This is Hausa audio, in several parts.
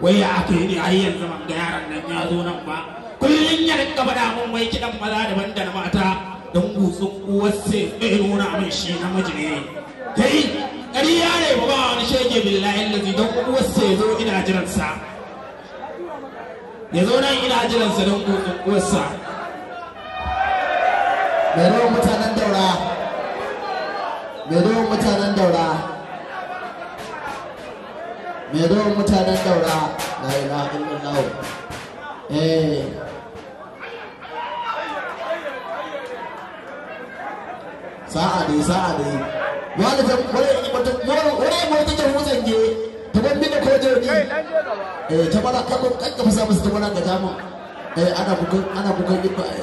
wai ya aka yi ne ai yanzu ban ga yaran nan ya zo nan ba kullum ya rinka faɗa mun wai kiɗan maza daban da na mata don gutsun uwar sai bai nuna min shi na miji ne kai ƙarya ne ba wani shege billahi lazi don uwar sai zo ina jiransa ya zo nan ina jiransa don gutsun uwarsa mai ruwan mutanen daura mai mutanen mai yawan mutanen daura la ilaha illallah eh sa'a dai sa'a dai wani ta wani mutum wani mutum ta hutsan ge ta bambi da ko jirgi eh ta bala kakko kakka fasa musu ta bala ga eh ana bugun ana bugun ibba eh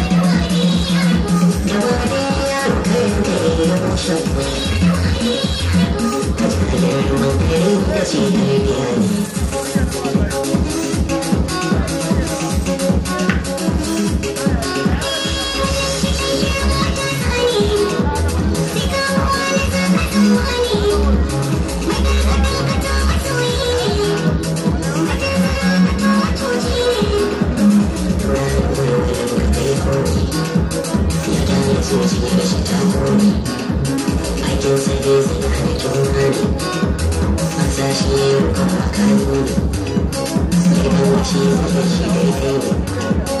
I do say this and I do money gonna Thank you.